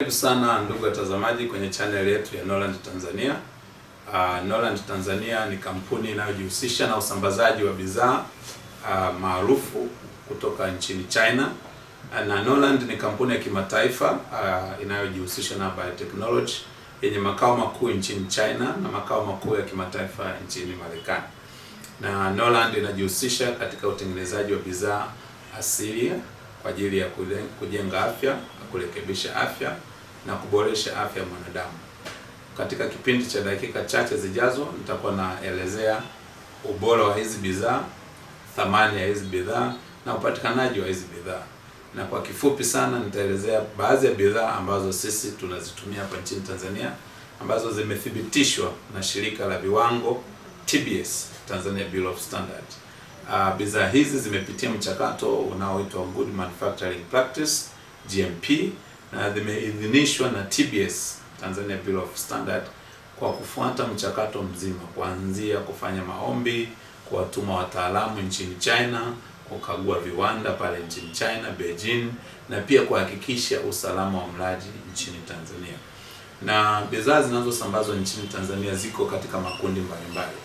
Karibu sana ndugu watazamaji kwenye channel yetu ya Norland Tanzania. Uh, ah, Norland Tanzania ni kampuni inayojihusisha na usambazaji wa bidhaa uh, maarufu kutoka nchini China. Na Norland ni kampuni ya kimataifa uh, inayojihusisha na biotechnology yenye makao makuu nchini China na makao makuu ya kimataifa nchini Marekani. Na Norland inajihusisha katika utengenezaji wa bidhaa asilia kwa ajili ya kujenga afya, kurekebisha afya na kuboresha afya ya mwanadamu. Katika kipindi cha dakika chache zijazo, nitakuwa naelezea ubora wa hizi bidhaa, thamani ya hizi bidhaa na upatikanaji wa hizi bidhaa, na kwa kifupi sana nitaelezea baadhi ya bidhaa ambazo sisi tunazitumia hapa nchini Tanzania ambazo zimethibitishwa na shirika la viwango TBS, Tanzania Bureau of Standard. Uh, ah, bidhaa hizi zimepitia mchakato unaoitwa Good Manufacturing Practice GMP na zimeidhinishwa na TBS, Tanzania Bureau of Standard, kwa kufuata mchakato mzima kuanzia kufanya maombi, kuwatuma wataalamu nchini China, kukagua viwanda pale nchini China Beijing, na pia kuhakikisha usalama wa mlaji nchini Tanzania. Na bidhaa zinazosambazwa nchini Tanzania ziko katika makundi mbalimbali.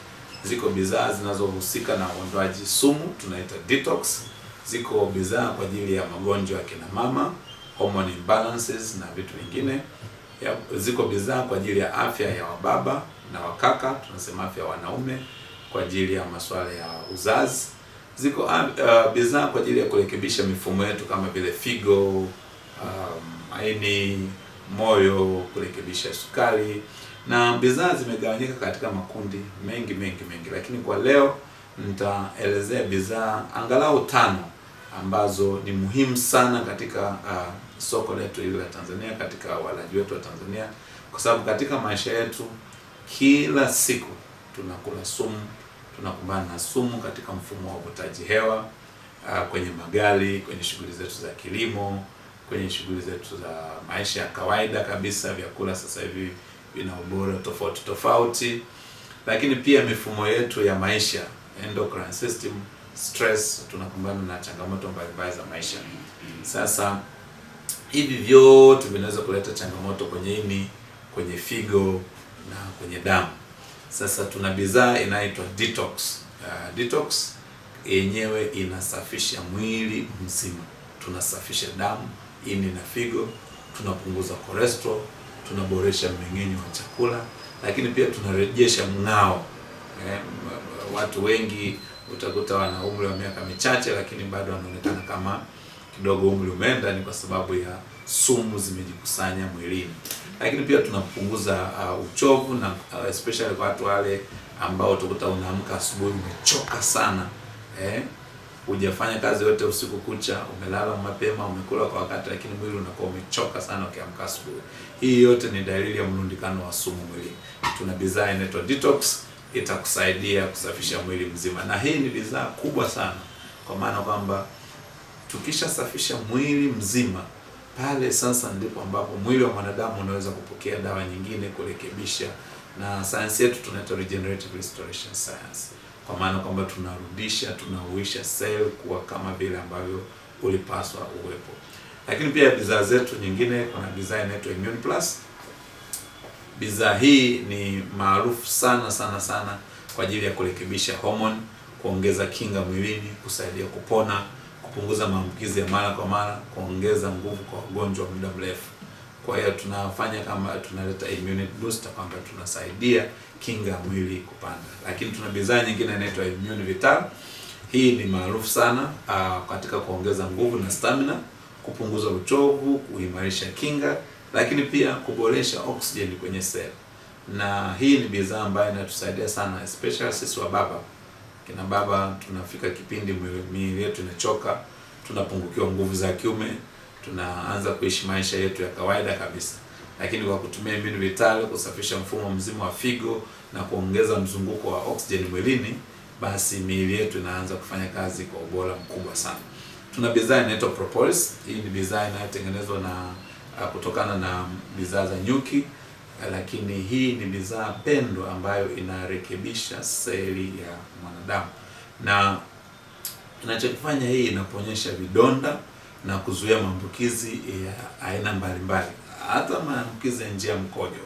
Ziko bidhaa zinazohusika na uondoaji sumu, tunaita detox. Ziko bidhaa kwa ajili ya magonjwa ya kina mama hormone imbalances na vitu vingine. Ziko bidhaa kwa ajili ya afya ya wababa na wakaka, tunasema afya ya wanaume kwa ajili ya masuala ya uzazi. Ziko uh, bidhaa kwa ajili ya kurekebisha mifumo yetu kama vile figo, um, aini, moyo, kurekebisha sukari na bidhaa zimegawanyika katika makundi mengi mengi mengi, lakini kwa leo nitaelezea bidhaa angalau tano ambazo ni muhimu sana katika uh, soko letu hili la Tanzania, katika walaji wetu wa Tanzania, kwa sababu katika maisha yetu kila siku tunakula sumu, tunakumbana na sumu katika mfumo wa uvutaji hewa uh, kwenye magari, kwenye shughuli zetu za kilimo, kwenye shughuli zetu za maisha ya kawaida kabisa. Vyakula sasa hivi vina ubora tofauti tofauti, lakini pia mifumo yetu ya maisha endocrine system stress, tunakumbana na changamoto mbalimbali za maisha. Sasa hivi vyote vinaweza kuleta changamoto kwenye ini, kwenye figo na kwenye damu. Sasa tuna bidhaa inaitwa detox. Uh, detox yenyewe inasafisha mwili mzima, tunasafisha damu, ini na figo, tunapunguza cholesterol, tunaboresha mmeng'enyo wa chakula, lakini pia tunarejesha mng'ao. Eh, watu wengi utakuta wana umri wa miaka michache, lakini bado wanaonekana kama kidogo umri umeenda, ni kwa sababu ya sumu zimejikusanya mwilini. Lakini pia tunapunguza uh, uchovu na uh, especially kwa watu wale ambao utakuta unaamka asubuhi umechoka sana eh? Hujafanya kazi yote usiku kucha, umelala mapema, umekula kwa wakati, lakini mwili unakuwa umechoka sana ukiamka asubuhi. Hii yote ni dalili ya mlundikano wa sumu mwilini. Tuna bidhaa inaitwa detox itakusaidia kusafisha mwili mzima, na hii ni bidhaa kubwa sana, kwa maana kwamba tukishasafisha mwili mzima pale sasa ndipo ambapo mwili wa mwanadamu unaweza kupokea dawa nyingine kurekebisha, na sayansi yetu tunaita regenerative restoration science, kwa maana kwamba tunarudisha, tunauisha seli kuwa kama vile ambavyo ulipaswa uwepo. Lakini pia bidhaa zetu nyingine, kuna bidhaa inaitwa Immune Plus Bidhaa hii ni maarufu sana sana sana kwa ajili ya kurekebisha homoni, kuongeza kinga mwilini, kusaidia kupona, kupunguza maambukizi ya mara kwa mara, kuongeza nguvu kwa wagonjwa muda mrefu. Kwa hiyo tunafanya kama tunaleta immunity booster, kwamba tunasaidia kinga mwili kupanda. Lakini tuna bidhaa nyingine inaitwa Immune Vital. Hii ni maarufu sana ah, katika kuongeza nguvu na stamina, kupunguza uchovu, kuimarisha kinga lakini pia kuboresha oxygen kwenye cell. na hii ni bidhaa ambayo inatusaidia sana, especially sisi wa baba kina baba. Tunafika kipindi miili yetu inachoka, tunapungukiwa nguvu za kiume, tunaanza kuishi maisha yetu ya kawaida kabisa, lakini kwa kutumia mbinu Vitali kusafisha mfumo mzima wa figo na kuongeza mzunguko wa oxygen mwilini, basi miili yetu inaanza kufanya kazi kwa ubora mkubwa sana. Tuna bidhaa inaitwa Propolis. Hii ni bidhaa inayotengenezwa na Uh, kutokana na bidhaa za nyuki, uh, lakini hii ni bidhaa pendwa ambayo inarekebisha seli ya mwanadamu, na inachokifanya hii inaponyesha vidonda na kuzuia maambukizi ya aina mbalimbali, hata maambukizi ya njia mkojo,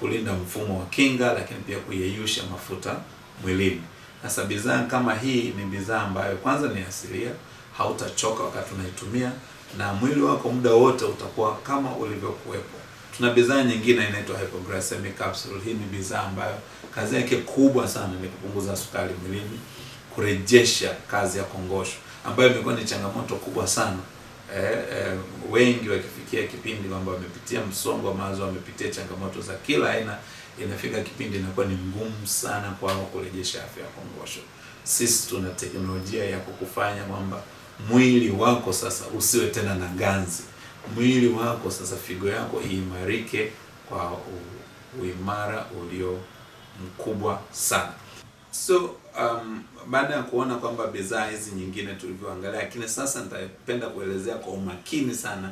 kulinda mfumo wa kinga, lakini pia kuyeyusha mafuta mwilini. Sasa bidhaa kama hii ni bidhaa ambayo kwanza ni asilia, hautachoka wakati unaitumia na mwili wako muda wote utakuwa kama ulivyokuwepo. Tuna bidhaa nyingine inaitwa hypoglycemic capsule. Hii ni bidhaa ambayo kazi yake kubwa sana ni kupunguza sukari mwilini, kurejesha kazi ya kongosho ambayo imekuwa ni changamoto kubwa sana eh, eh, wengi wakifikia kipindi kwamba wamepitia msongo wa mawazo, wamepitia changamoto za kila aina, inafika kipindi inakuwa ni ngumu sana kwao kurejesha afya ya kongosho. Sisi tuna teknolojia ya kukufanya kwamba mwili wako sasa usiwe tena na ganzi, mwili wako sasa, figo yako iimarike kwa uimara ulio mkubwa sana. So um, baada ya kuona kwamba bidhaa hizi nyingine tulivyoangalia, lakini sasa nitapenda kuelezea kwa umakini sana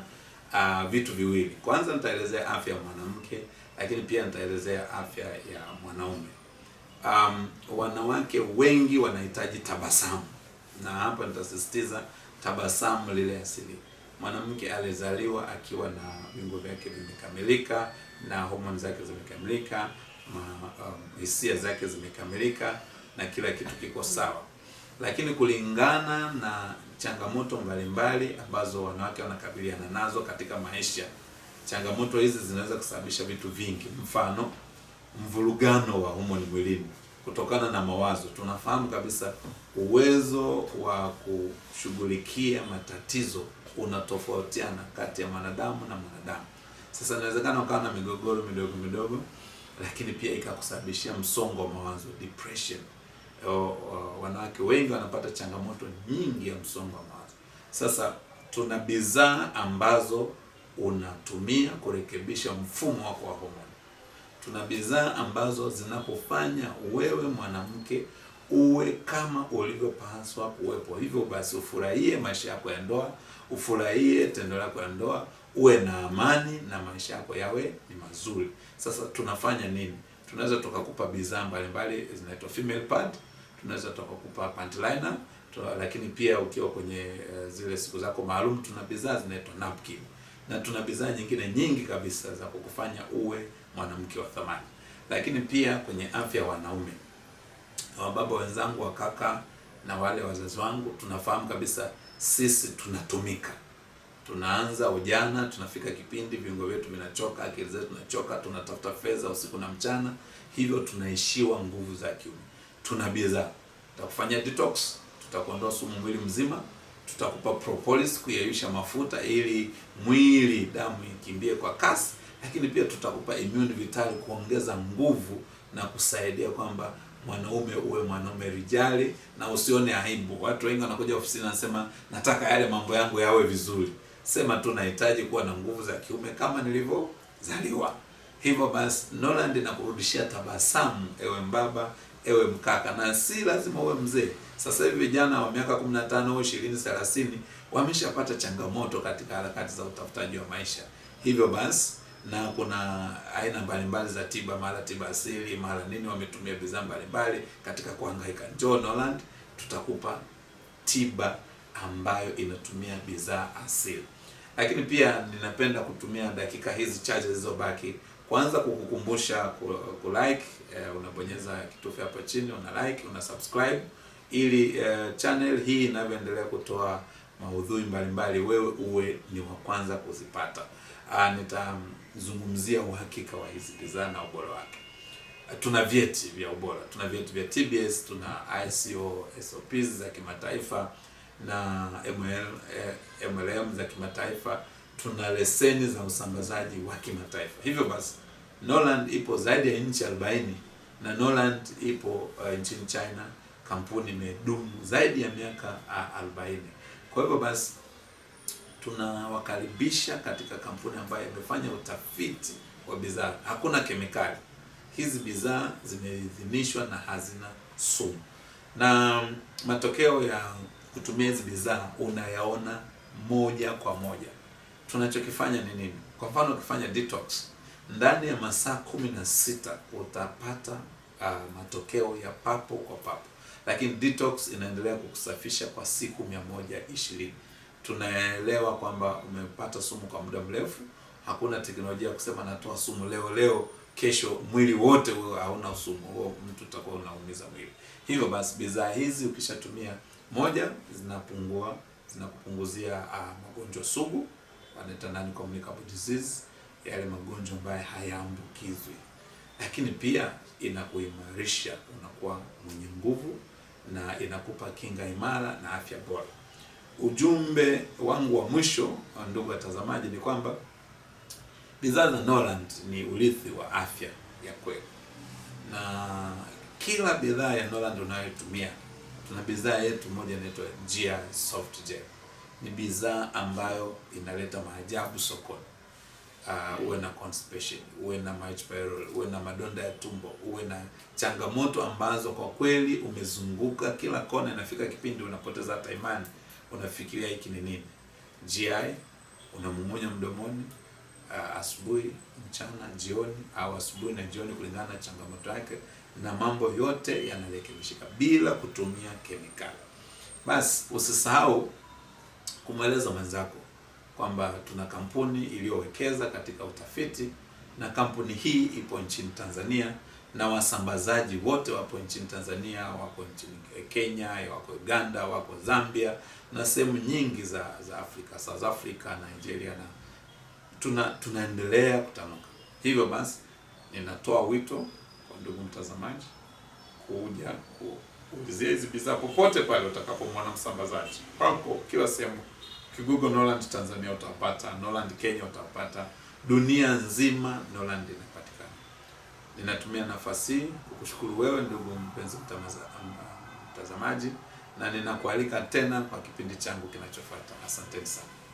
uh, vitu viwili. Kwanza nitaelezea afya ya mwanamke, lakini pia nitaelezea afya ya mwanaume. Um, wanawake wengi wanahitaji tabasamu na hapa nitasisitiza tabasamu lile asili. Mwanamke alizaliwa akiwa na viungo vyake vimekamilika na homoni zake zimekamilika, um, hisia zake zimekamilika na kila kitu kiko sawa, lakini kulingana na changamoto mbalimbali ambazo wanawake wanakabiliana nazo katika maisha, changamoto hizi zinaweza kusababisha vitu vingi, mfano mvurugano wa homoni mwilini kutokana na mawazo. Tunafahamu kabisa uwezo wa kushughulikia matatizo unatofautiana kati ya mwanadamu na mwanadamu. Sasa inawezekana ukawa na migogoro midogo midogo, lakini pia ikakusababishia msongo wa mawazo, depression. Wanawake wengi wanapata changamoto nyingi ya msongo wa mawazo. Sasa tuna bidhaa ambazo unatumia kurekebisha mfumo wako wa homoni tuna bidhaa ambazo zinapofanya wewe mwanamke uwe kama ulivyopaswa kuwepo. Hivyo basi, ufurahie maisha yako ya ndoa, ufurahie tendo lako ya ndoa, uwe na amani na maisha yako yawe ni mazuri. Sasa tunafanya nini? Tunaweza tukakupa bidhaa mbalimbali zinaitwa female pad, tunaweza tukakupa pant liner, lakini pia ukiwa kwenye eh, zile siku zako maalum, tuna bidhaa zinaitwa napkin na tuna bidhaa nyingine nyingi kabisa za kukufanya uwe mwanamke wa thamani, lakini pia kwenye afya ya wanaume, wababa wenzangu, wa kaka na wale wazazi wangu, tunafahamu kabisa sisi tunatumika. Tunaanza ujana, tunafika kipindi viungo vyetu vinachoka, akili zetu tunachoka, tunatafuta fedha usiku na mchana, hivyo tunaishiwa nguvu za kiume. Tuna bidhaa, tutakufanyia detox, tutakuondoa sumu mwili mzima tutakupa propolis kuyayusha mafuta ili mwili damu ikimbie kwa kasi, lakini pia tutakupa immune vital kuongeza nguvu na kusaidia kwamba mwanaume uwe mwanaume rijali na usione aibu. Watu wengi wanakuja ofisini wanasema nataka yale mambo yangu yawe vizuri. Sema tu nahitaji kuwa na nguvu za kiume kama nilivyozaliwa. Hivyo basi, Norland na kurudishia tabasamu, ewe mbaba ewe mkaka, na si lazima uwe mzee. Sasa hivi vijana wa miaka 15 au 20, 30 wameshapata changamoto katika harakati za utafutaji wa maisha. Hivyo basi, na kuna aina mbalimbali za tiba, mara tiba asili, mara nini, wametumia bidhaa mbalimbali katika kuhangaika. Njoo Norland, tutakupa tiba ambayo inatumia bidhaa asili. Lakini pia ninapenda kutumia dakika hizi chache zilizobaki kwanza kukukumbusha like eh, unabonyeza kitufe hapo chini, una like, una subscribe ili eh, channel hii inavyoendelea kutoa maudhui mbalimbali wewe uwe ni wa kwanza kuzipata. Ah, nitazungumzia uhakika wa hizi bidhaa na ubora wake. Tuna vyeti vya ubora, tuna vyeti vya TBS, tuna ICO SOPs za kimataifa na ML, eh, MLM za kimataifa tuna leseni za usambazaji wa kimataifa. Hivyo basi Norland ipo zaidi ya nchi 40 na Norland ipo uh, nchini China. Kampuni imedumu zaidi ya miaka uh, 40. Kwa hivyo basi tunawakaribisha katika kampuni ambayo imefanya utafiti wa bidhaa. Hakuna kemikali, hizi bidhaa zimeidhinishwa na hazina sumu, na matokeo ya kutumia hizi bidhaa unayaona moja kwa moja tunachokifanya ni nini? Kwa mfano ukifanya detox ndani ya masaa kumi na sita utapata uh, matokeo ya papo kwa papo, lakini detox inaendelea kukusafisha kwa siku mia moja ishirini. Tunaelewa kwamba umepata sumu kwa muda mrefu. Hakuna teknolojia ya kusema natoa sumu leo leo, kesho mwili wote huo hauna sumu, huo mtu utakuwa unaumiza mwili. Hivyo basi bidhaa hizi ukishatumia moja, zinapungua zinakupunguzia uh, magonjwa sugu wanaita nani communicable disease, yale magonjwa ambayo hayaambukizwi, lakini pia inakuimarisha, unakuwa mwenye nguvu na inakupa kinga imara na afya bora. Ujumbe wangu wa mwisho, wa ndugu watazamaji, ni kwamba bidhaa za Norland ni urithi wa afya ya kweli, na kila bidhaa ya Norland unayotumia, tuna bidhaa yetu moja inaitwa GR Soft Gel ni bidhaa ambayo inaleta maajabu sokoni. Uh, uwe na constipation, uwe na March Pylori, uwe na madonda ya tumbo, uwe na changamoto ambazo kwa kweli umezunguka kila kona, inafika kipindi unapoteza hata imani, unafikiria hiki ni nini. GI unamumunya mdomoni, uh, asubuhi, mchana, jioni au asubuhi na jioni kulingana na changamoto yake, na mambo yote yanarekebishika bila kutumia kemikali. Basi usisahau kumweleza mwenzako kwamba tuna kampuni iliyowekeza katika utafiti na kampuni hii ipo nchini Tanzania na wasambazaji wote wapo nchini Tanzania, wako nchini Kenya, wako Uganda, wako Zambia na sehemu nyingi za za Afrika, South Africa, Nigeria na tuna tunaendelea kutanuka. Hivyo basi ninatoa wito kwa ndugu mtazamaji kuja ku ulizie hizi bidhaa popote pale utakapomwona msambazaji wako, kiwa sehemu Kigugo Norland Tanzania utapata, Norland Kenya utapata, dunia nzima Norland inapatikana. Ninatumia nafasi hii kukushukuru wewe ndugu mpenzi mtazamaji, na ninakualika tena kwa kipindi changu kinachofuata. Asanteni sana.